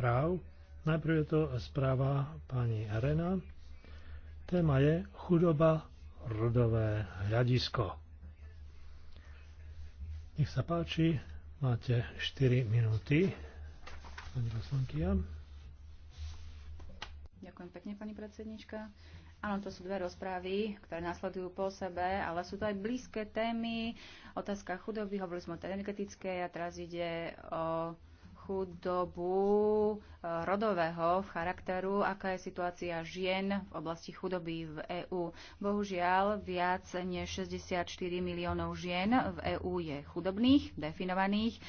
správ. Najprv je to správa pani Arena. Téma je chudoba rodové hľadisko. Nech sa páči, máte 4 minúty. Pani poslankyňa. Ďakujem pekne, pani predsednička. Áno, to sú dve rozprávy, ktoré nasledujú po sebe, ale sú to aj blízke témy. Otázka chudoby, hovorili sme o energetickej a teraz ide o chudobu eh, rodového charakteru, aká je situácia žien v oblasti chudoby v EÚ. Bohužiaľ, viac než 64 miliónov žien v EÚ je chudobných, definovaných.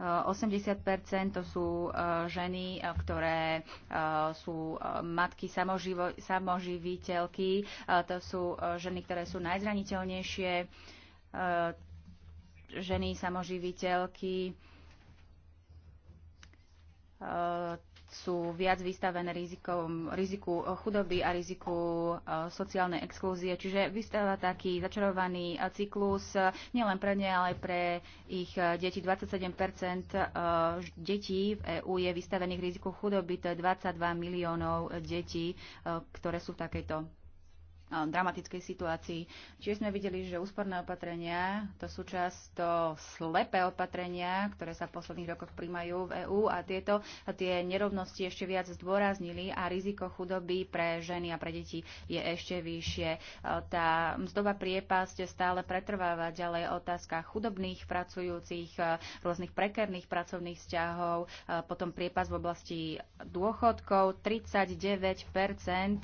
80 eh, to sú eh, ženy, ktoré sú matky samoživo, samoživiteľky, to sú ženy, ktoré sú najzraniteľnejšie, ženy samoživiteľky, sú viac vystavené rizikom, riziku chudoby a riziku e, sociálnej exklúzie. Čiže vystáva taký začarovaný e, cyklus e, nielen pre ne, ale pre ich deti. 27 detí v EÚ je vystavených riziku chudoby, to je 22 miliónov detí, ktoré sú v takejto dramatickej situácii. Čiže sme videli, že úsporné opatrenia to sú často slepé opatrenia, ktoré sa v posledných rokoch príjmajú v EÚ a tieto a tie nerovnosti ešte viac zdôraznili a riziko chudoby pre ženy a pre deti je ešte vyššie. Tá mzdová priepasť stále pretrváva ďalej otázka chudobných pracujúcich, rôznych prekerných pracovných vzťahov, potom priepas v oblasti dôchodkov. 39%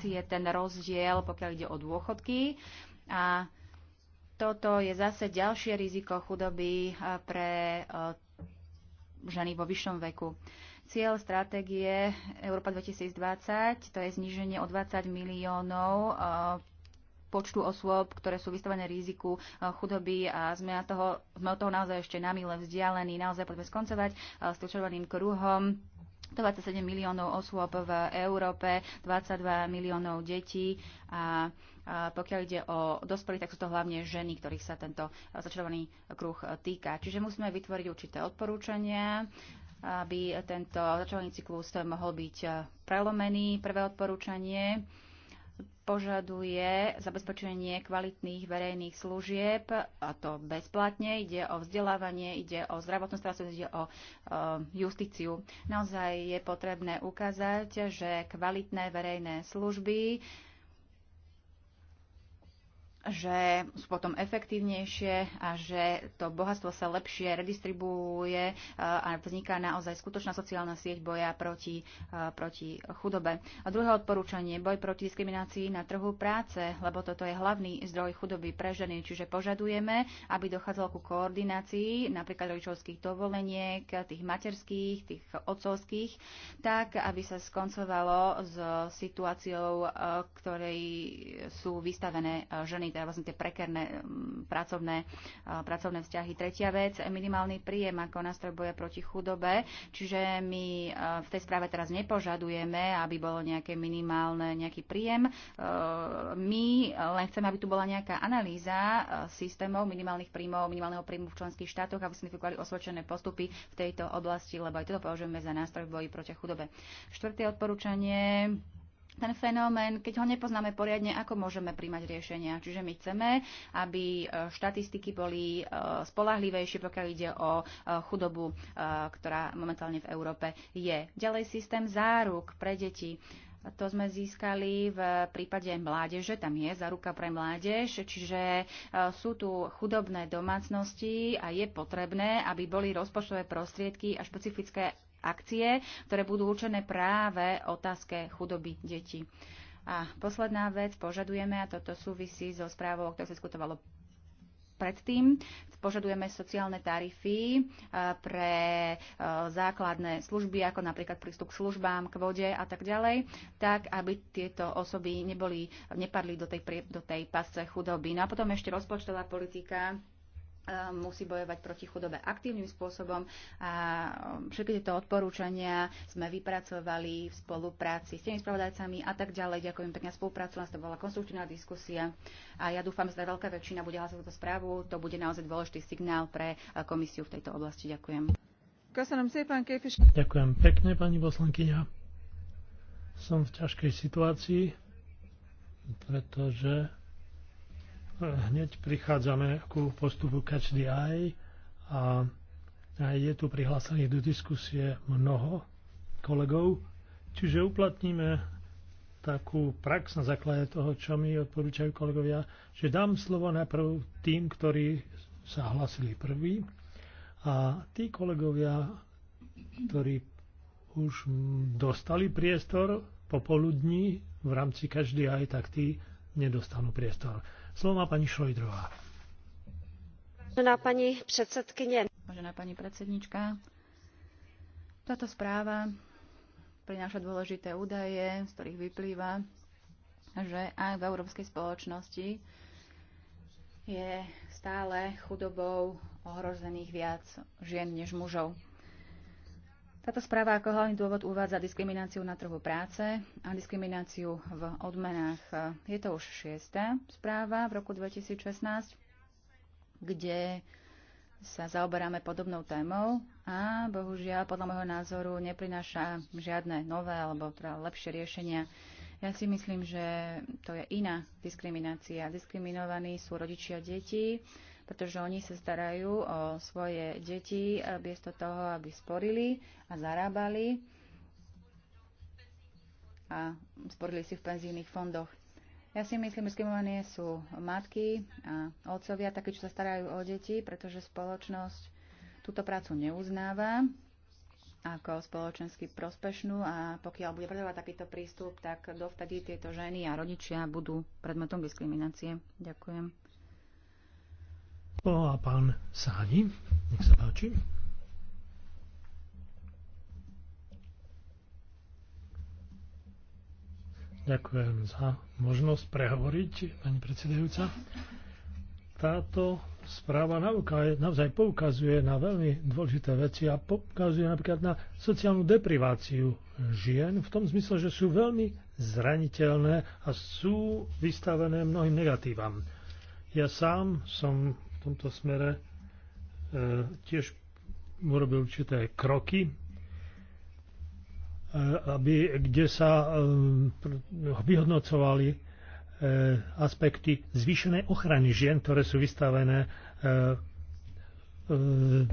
je ten rozdiel, pokiaľ ide o dôchodky a toto je zase ďalšie riziko chudoby pre ženy vo vyššom veku. Cieľ stratégie Európa 2020 to je zníženie o 20 miliónov počtu osôb, ktoré sú vystavené riziku chudoby a sme, toho, sme od toho naozaj ešte na mile vzdialení. Naozaj poďme skoncovať s tým červeným kruhom 27 miliónov osôb v Európe, 22 miliónov detí a pokiaľ ide o dospelých, tak sú to hlavne ženy, ktorých sa tento začarovaný kruh týka. Čiže musíme vytvoriť určité odporúčania, aby tento začarovaný cyklus mohol byť prelomený. Prvé odporúčanie požaduje zabezpečenie kvalitných verejných služieb, a to bezplatne. Ide o vzdelávanie, ide o zdravotnú starostlivosť, ide o e, justíciu. Naozaj je potrebné ukázať, že kvalitné verejné služby že sú potom efektívnejšie a že to bohatstvo sa lepšie redistribuuje eh, a vzniká naozaj skutočná sociálna sieť boja proti, eh, proti chudobe. A druhé odporúčanie, boj proti diskriminácii na trhu práce, lebo toto je hlavný zdroj chudoby pre ženy, čiže požadujeme, aby dochádzalo ku koordinácii napríklad rodičovských dovoleniek, tých materských, tých otcovských, tak aby sa skoncovalo s situáciou, eh, ktorej sú vystavené ženy teda vlastne tie prekerné mm, pracovné, pracovné vzťahy. Tretia vec, minimálny príjem ako nástroj boja proti chudobe, čiže my v tej správe teraz nepožadujeme, aby bolo nejaké minimálne, nejaký príjem. My len chceme, aby tu bola nejaká analýza systémov minimálnych príjmov, minimálneho príjmu v členských štátoch, aby sme vyklali osvedčené postupy v tejto oblasti, lebo aj toto považujeme za nástroj v boji proti chudobe. Štvrté odporúčanie ten fenomén, keď ho nepoznáme poriadne, ako môžeme príjmať riešenia. Čiže my chceme, aby e, štatistiky boli e, spolahlivejšie, pokiaľ ide o e, chudobu, ktorá momentálne v Európe je. Ďalej systém záruk pre deti. To sme získali v prípade mládeže, tam je záruka pre mládež, čiže sú tu chudobné domácnosti a je potrebné, aby boli rozpočtové prostriedky a špecifické akcie, ktoré budú určené práve otázke chudoby detí. A posledná vec, požadujeme, a toto súvisí so správou, o ktorej sa skutovalo predtým. Požadujeme sociálne tarify e, pre e, základné služby, ako napríklad prístup k službám, k vode a tak ďalej, tak aby tieto osoby neboli, nepadli do tej, do tej pasce chudoby. No a potom ešte rozpočtová politika musí bojovať proti chudobe aktívnym spôsobom a um, všetky tieto odporúčania sme vypracovali v spolupráci s tými spravodajcami a tak ďalej. Ďakujem pekne spoluprácu, nás to bola konstruktívna diskusia a ja dúfam, že teda veľká väčšina bude hlasovať túto správu. To bude naozaj dôležitý signál pre uh, komisiu v tejto oblasti. Ďakujem. Ďakujem pekne, pani poslankyňa. Som v ťažkej situácii, pretože hneď prichádzame ku postupu Catch the Eye a je tu prihlásených do diskusie mnoho kolegov, čiže uplatníme takú prax na základe toho, čo mi odporúčajú kolegovia, že dám slovo najprv tým, ktorí sa hlasili prví a tí kolegovia, ktorí už dostali priestor popoludní v rámci každý aj, tak tí nedostanú priestor. Slovo má pani Šojdrová. Vážená pani predsedkynie. Vážená pani predsednička, táto správa prináša dôležité údaje, z ktorých vyplýva, že aj v európskej spoločnosti je stále chudobou ohrozených viac žien než mužov. Táto správa ako hlavný dôvod uvádza diskrimináciu na trhu práce a diskrimináciu v odmenách. Je to už šiesta správa v roku 2016, kde sa zaoberáme podobnou témou a bohužiaľ podľa môjho názoru neprináša žiadne nové alebo teda lepšie riešenia. Ja si myslím, že to je iná diskriminácia. Diskriminovaní sú rodičia detí, pretože oni sa starajú o svoje deti eh, miesto toho, aby sporili a zarábali a sporili si v penzijných fondoch. Ja si myslím, že skimované sú matky a otcovia, takí, čo sa starajú o deti, pretože spoločnosť túto prácu neuznáva ako spoločensky prospešnú a pokiaľ bude predávať takýto prístup, tak dovtedy tieto ženy a rodičia budú predmetom diskriminácie. Ďakujem. O, no a pán Sádi, nech sa páči. Ďakujem za možnosť prehovoriť, pani predsedajúca. Táto správa nauka naozaj poukazuje na veľmi dôležité veci a poukazuje napríklad na sociálnu depriváciu žien v tom zmysle, že sú veľmi zraniteľné a sú vystavené mnohým negatívam. Ja sám som tomto smere e, tiež urobil určité kroky, e, aby, kde sa e, vyhodnocovali aspekty zvýšenej ochrany žien, ktoré sú vystavené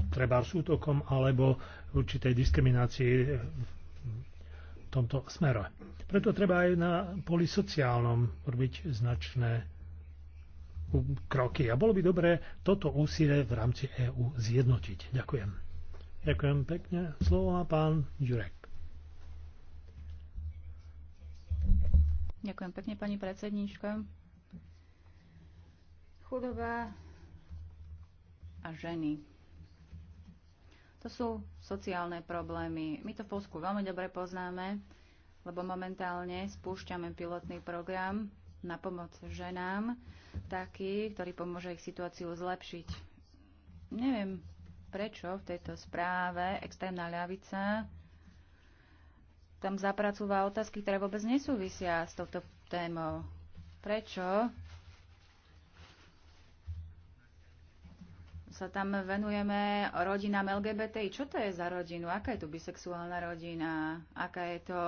treba s útokom alebo určitej diskriminácii v tomto smere. Preto treba aj na poli sociálnom robiť značné kroky. A bolo by dobré toto úsilie v rámci EÚ zjednotiť. Ďakujem. Ďakujem pekne. Slovo má pán Jurek. Ďakujem pekne, pani predsednička. Chudoba a ženy. To sú sociálne problémy. My to v Polsku veľmi dobre poznáme, lebo momentálne spúšťame pilotný program na pomoc ženám, taký, ktorý pomôže ich situáciu zlepšiť. Neviem, prečo v tejto správe extrémna ľavica tam zapracúva otázky, ktoré vôbec nesúvisia s touto témou. Prečo sa tam venujeme rodinám LGBTI. Čo to je za rodinu? Aká je to bisexuálna rodina? Aká je to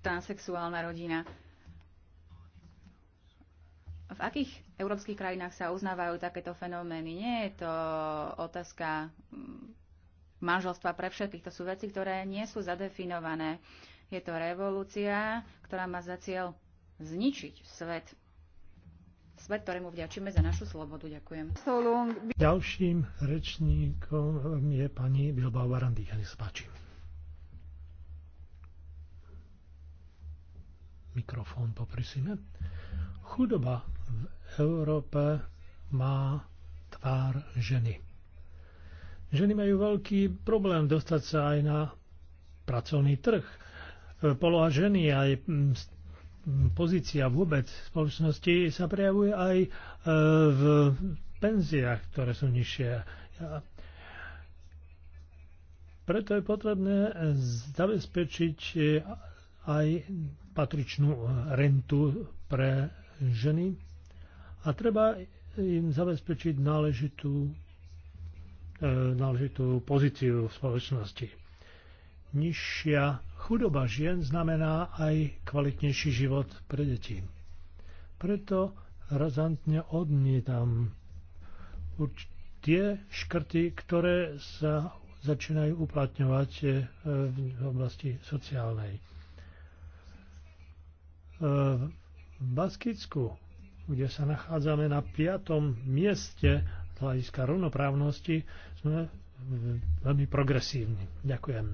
transexuálna rodina? v akých európskych krajinách sa uznávajú takéto fenomény? Nie je to otázka mm, manželstva pre všetkých. To sú veci, ktoré nie sú zadefinované. Je to revolúcia, ktorá má za cieľ zničiť svet. Svet, ktorému vďačíme za našu slobodu. Ďakujem. Ďalším rečníkom je pani Bilbao Barandíka. Nech sa páči. Mikrofón poprosíme. Chudoba v Európe má tvár ženy. Ženy majú veľký problém dostať sa aj na pracovný trh. Poloha ženy aj mm, mm, pozícia vôbec v spoločnosti sa prejavuje aj e, v penziách, ktoré sú nižšie. Preto je potrebné zabezpečiť aj patričnú rentu pre ženy a treba im zabezpečiť náležitú, e, náležitú pozíciu v spoločnosti. Nižšia chudoba žien znamená aj kvalitnejší život pre deti. Preto razantne odmietam tie škrty, ktoré sa začínajú uplatňovať e, v oblasti sociálnej. E, v Baskicku kde sa nachádzame na piatom mieste z hľadiska rovnoprávnosti, sme veľmi progresívni. Ďakujem.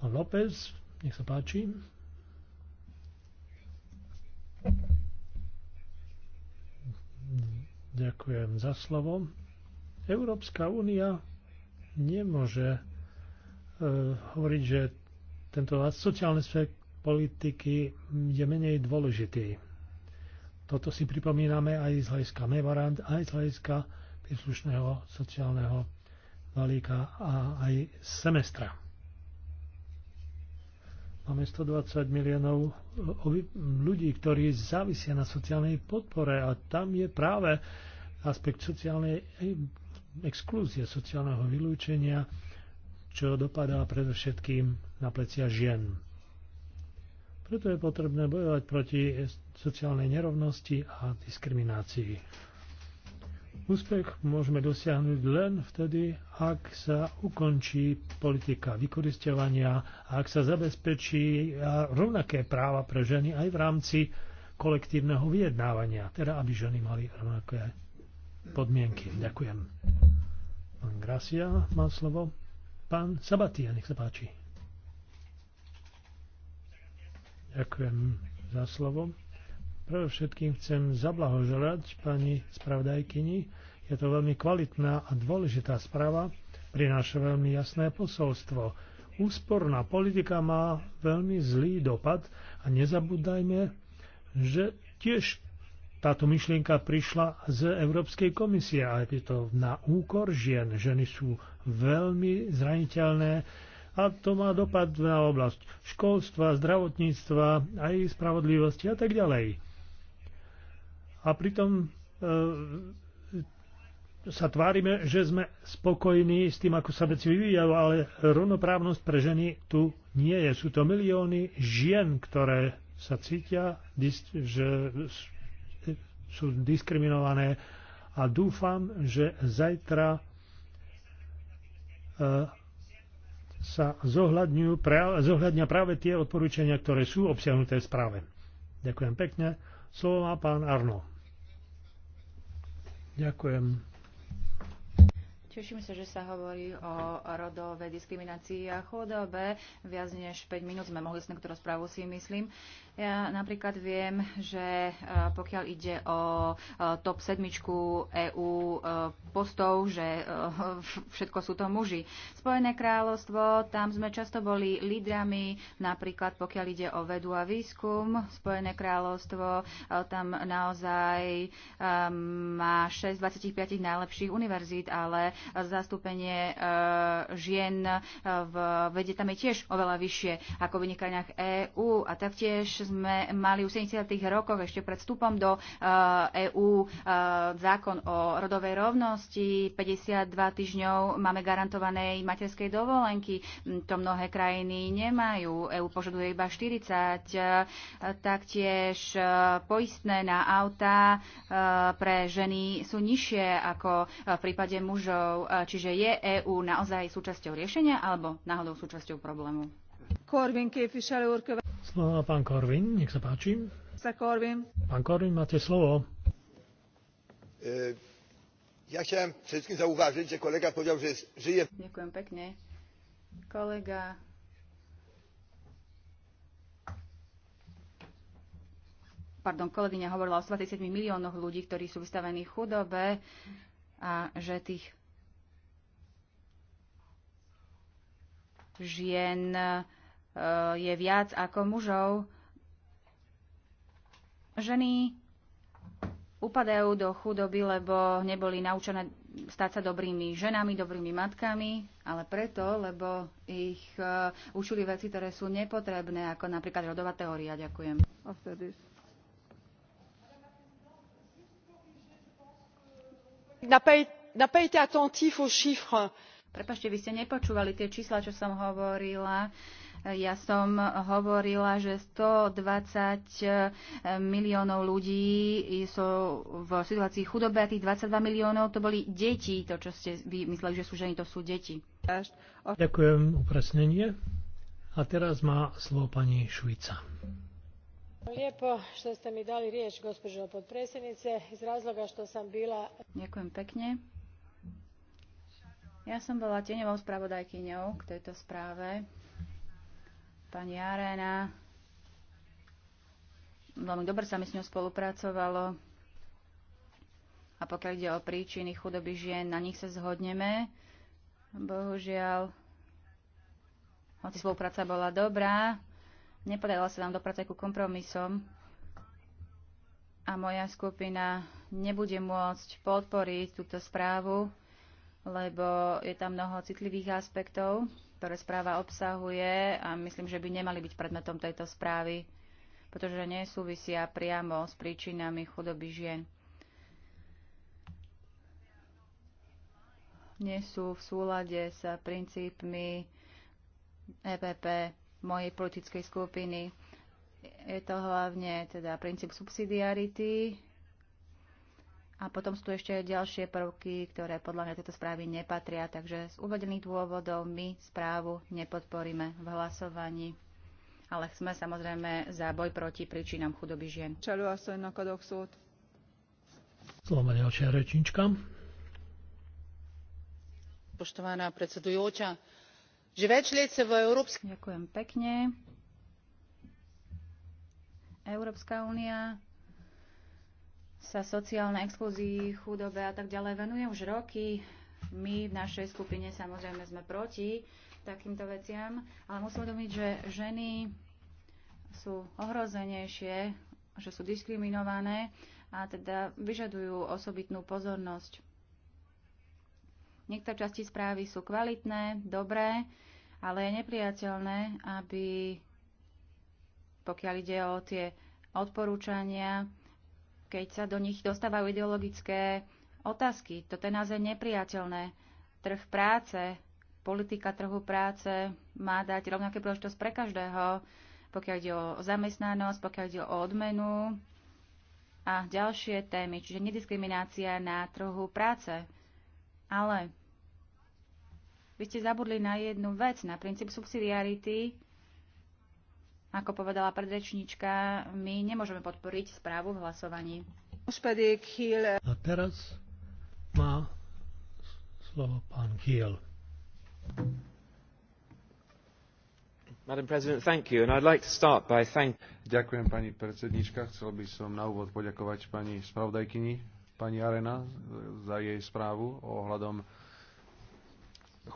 Pán López, nech sa páči. Ďakujem za slovo. Európska únia nemôže e, hovoriť, že tento sociálny svet politiky je menej dôležitý. Toto si pripomíname aj z hľadiska Mevarant, aj z hľadiska príslušného sociálneho balíka a aj semestra. Máme 120 miliónov eh, ľudí, ktorí závisia na sociálnej podpore a tam je práve aspekt sociálnej eh, exklúzie, sociálneho vylúčenia, čo dopadá predovšetkým na plecia žien. Preto je potrebné bojovať proti sociálnej nerovnosti a diskriminácii. Úspech môžeme dosiahnuť len vtedy, ak sa ukončí politika vykoristovania a ak sa zabezpečí rovnaké práva pre ženy aj v rámci kolektívneho vyjednávania, teda aby ženy mali rovnaké podmienky. Ďakujem. Pán Gracia má slovo. Pán Sabatia, nech sa páči. Ďakujem za slovo. všetkým chcem zablahoželať pani spravdajkyni. Je to veľmi kvalitná a dôležitá správa. Prináša veľmi jasné posolstvo. Úsporná politika má veľmi zlý dopad a nezabúdajme, že tiež táto myšlienka prišla z Európskej komisie a je to na úkor žien. Ženy sú veľmi zraniteľné a to má dopad na oblasť školstva, zdravotníctva, aj spravodlivosti a tak ďalej. A pritom e, sa tvárime, že sme spokojní s tým, ako sa veci vyvíjajú, ale rovnoprávnosť pre ženy tu nie je. Sú to milióny žien, ktoré sa cítia, že sú diskriminované a dúfam, že zajtra e, sa zohľadňujú, pra, zohľadňa práve tie odporúčania, ktoré sú obsiahnuté v správe. Ďakujem pekne. Slovo má pán Arno. Ďakujem. Teším sa, že sa hovorí o rodovej diskriminácii a chudobe. Viac než 5 minút sme mohli s niektorou správu si myslím. Ja napríklad viem, že e, pokiaľ ide o e, top sedmičku EÚ e, postov, že všetko sú to muži. Spojené kráľovstvo, tam sme často boli lídrami, napríklad pokiaľ ide o vedu a výskum. Spojené kráľovstvo tam naozaj má 6 z 25 najlepších univerzít, ale zastúpenie žien v vede tam je tiež oveľa vyššie ako v vynikaniach EÚ a taktiež sme mali v 70. rokoch ešte pred vstupom do EÚ eh, e eh, zákon o rodovej rovnosti, 52 týždňov máme garantovanej materskej dovolenky, mm, to mnohé krajiny nemajú, EÚ požaduje iba 40, eh, taktiež poistné na autá pre ženy sú nižšie ako v prípade mužov, čiže je EÚ naozaj súčasťou riešenia alebo náhodou súčasťou problému? Korvin képviselő úr Slovo má pán Korvin, nech sa páči. Sa Korvin. Pán Korvin, máte slovo. E, ja chcem všetkým zauważyć, že kolega povedal, že žije. Ďakujem pekne. Kolega pardon, kolegyňa hovorila o 27 miliónoch ľudí, ktorí sú vystavení chudobe a že tých žien je viac ako mužov. Ženy upadajú do chudoby, lebo neboli naučené stať sa dobrými ženami, dobrými matkami, ale preto, lebo ich e, učili veci, ktoré sú nepotrebné, ako napríklad rodová teória. Ďakujem. Prepašte, vy ste nepočúvali tie čísla, čo som hovorila. Uh, ja som hovorila, že 120 eh, miliónov ľudí sú v situácii chudoby a tých 22 miliónov to boli deti, to čo ste vy mysleli, že sú ženy, to sú deti. Ďakujem upresnenie. A teraz má slovo pani Švica lijepo što ste mi dali riječ gospođo potpredsjednice iz razloga što sam bila Ďakujem pekne. Ja som bola tieňovou spravodajkyňou k tejto správe pani Arena. Veľmi dobre sa mi s ňou spolupracovalo. A pokiaľ ide o príčiny chudoby žien, na nich sa zhodneme. Bohužiaľ, hoci spolupráca bola dobrá, nepodarila sa nám dopracovať ku kompromisom a moja skupina nebude môcť podporiť túto správu, lebo je tam mnoho citlivých aspektov ktoré správa obsahuje a myslím, že by nemali byť predmetom tejto správy, pretože nesúvisia priamo s príčinami chudoby žien. Nie sú v súlade s princípmi EPP mojej politickej skupiny. Je to hlavne teda princíp subsidiarity, a potom sú tu ešte ďalšie prvky, ktoré podľa mňa tieto správy nepatria, takže z uvedených dôvodov my správu nepodporíme v hlasovaní. Ale sme samozrejme za boj proti príčinám chudoby žien. Čelu a na kadok súd. Slovo ďalšia rečnička. Poštovaná predsedujúča, že več let sa v Európskej... Ďakujem pekne. Európska únia sa sociálnej exkluzii, chudobe a tak ďalej venuje už roky. My v našej skupine samozrejme sme proti takýmto veciam, ale musíme domiť, že ženy sú ohrozenejšie, že sú diskriminované a teda vyžadujú osobitnú pozornosť. Niektoré časti správy sú kvalitné, dobré, ale je nepriateľné, aby pokiaľ ide o tie odporúčania, keď sa do nich dostávajú ideologické otázky. Toto je naozaj nepriateľné. Trh práce, politika trhu práce má dať rovnaké príležitosť pre každého, pokiaľ ide o zamestnanosť, pokiaľ ide o odmenu a ďalšie témy, čiže nediskriminácia na trhu práce. Ale vy ste zabudli na jednu vec, na princíp subsidiarity, ako povedala predrečníčka, my nemôžeme podporiť správu v hlasovaní. A teraz má slovo pán Kiel. Madam President, thank you, and I'd like to start by thank... Ďakujem pani predsednička. Chcel by som na úvod poďakovať pani spravodajkyni, pani Arena, za jej správu ohľadom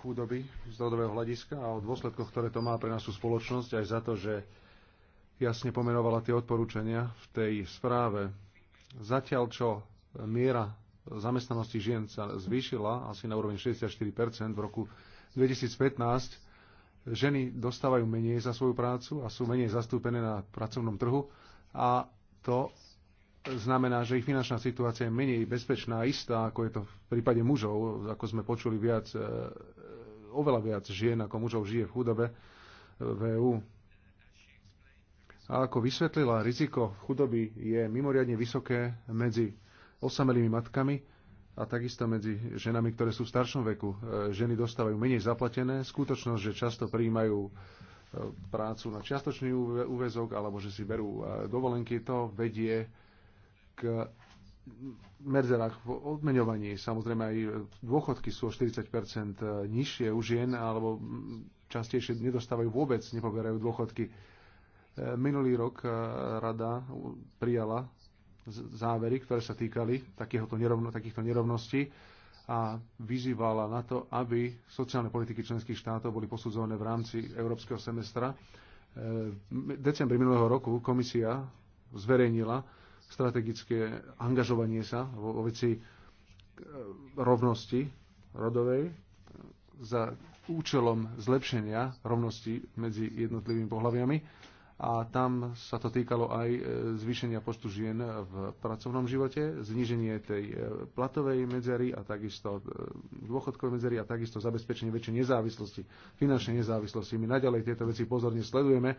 chudoby z rodového hľadiska a o dôsledkoch, ktoré to má pre našu spoločnosť, aj za to, že jasne pomenovala tie odporúčania v tej správe. Zatiaľ, čo miera zamestnanosti žien sa zvýšila asi na úroveň 64% v roku 2015, ženy dostávajú menej za svoju prácu a sú menej zastúpené na pracovnom trhu a to znamená, že ich finančná situácia je menej bezpečná a istá, ako je to v prípade mužov, ako sme počuli viac, e, oveľa viac žien ako mužov žije v chudobe v EU a ako vysvetlila, riziko chudoby je mimoriadne vysoké medzi osamelými matkami a takisto medzi ženami, ktoré sú v staršom veku. E, ženy dostávajú menej zaplatené. Skutočnosť, že často prijímajú e, prácu na čiastočný úvezok alebo že si berú e, dovolenky, to vedie k medzerách v odmeňovaní. Samozrejme aj dôchodky sú o 40 nižšie u žien alebo častejšie nedostávajú vôbec, nepoberajú dôchodky E, minulý rok e, rada prijala závery, ktoré sa týkali nerovno, takýchto nerovností a vyzývala na to, aby sociálne politiky členských štátov boli posudzované v rámci európskeho semestra. V e, decembri minulého roku komisia zverejnila strategické angažovanie sa vo veci rovnosti rodovej za účelom zlepšenia rovnosti medzi jednotlivými pohľaviami a tam sa to týkalo aj e, zvýšenia počtu žien v pracovnom živote, zníženie tej e, platovej medzery a takisto e, dôchodkovej medzery a takisto zabezpečenie väčšej nezávislosti, finančnej nezávislosti. My naďalej tieto veci pozorne sledujeme.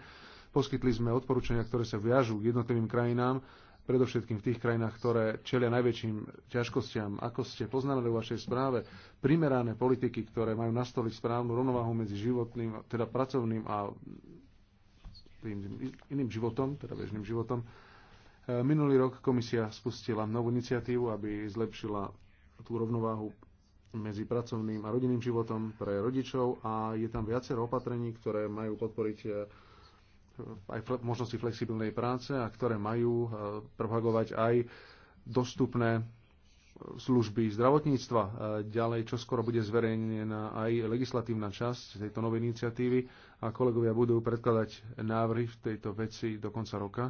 Poskytli sme odporúčania, ktoré sa viažú k jednotlivým krajinám, predovšetkým v tých krajinách, ktoré čelia najväčším ťažkostiam. Ako ste poznali vo vašej správe, primerané politiky, ktoré majú nastoliť správnu rovnováhu medzi životným, teda pracovným a tým iným životom, teda bežným životom. E, minulý rok komisia spustila novú iniciatívu, aby zlepšila tú rovnováhu medzi pracovným a rodinným životom pre rodičov a je tam viacero opatrení, ktoré majú podporiť e, aj možnosti flexibilnej práce a ktoré majú e, propagovať aj dostupné služby zdravotníctva. E, ďalej, čo skoro bude zverejnená aj legislatívna časť tejto novej iniciatívy a kolegovia budú predkladať návrhy v tejto veci do konca roka.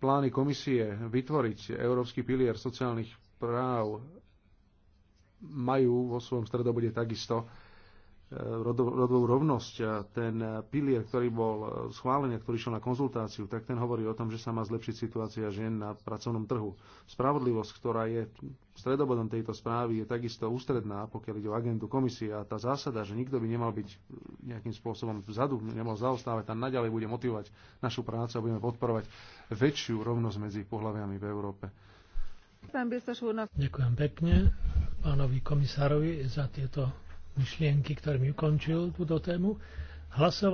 Plány komisie vytvoriť Európsky pilier sociálnych práv majú vo svojom stredobode takisto rodovú rovnosť a ten pilier, ktorý bol schválený a ktorý išiel na konzultáciu, tak ten hovorí o tom, že sa má zlepšiť situácia žien na pracovnom trhu. Spravodlivosť, ktorá je stredobodom tejto správy, je takisto ústredná, pokiaľ ide o agendu komisie a tá zásada, že nikto by nemal byť nejakým spôsobom vzadu, nemal zaostávať, tam naďalej bude motivovať našu prácu a budeme podporovať väčšiu rovnosť medzi pohľaviami v Európe. Ďakujem pekne pánovi komisárovi za tieto myšlienky, ktorými ukončil túto tému. Hlasovať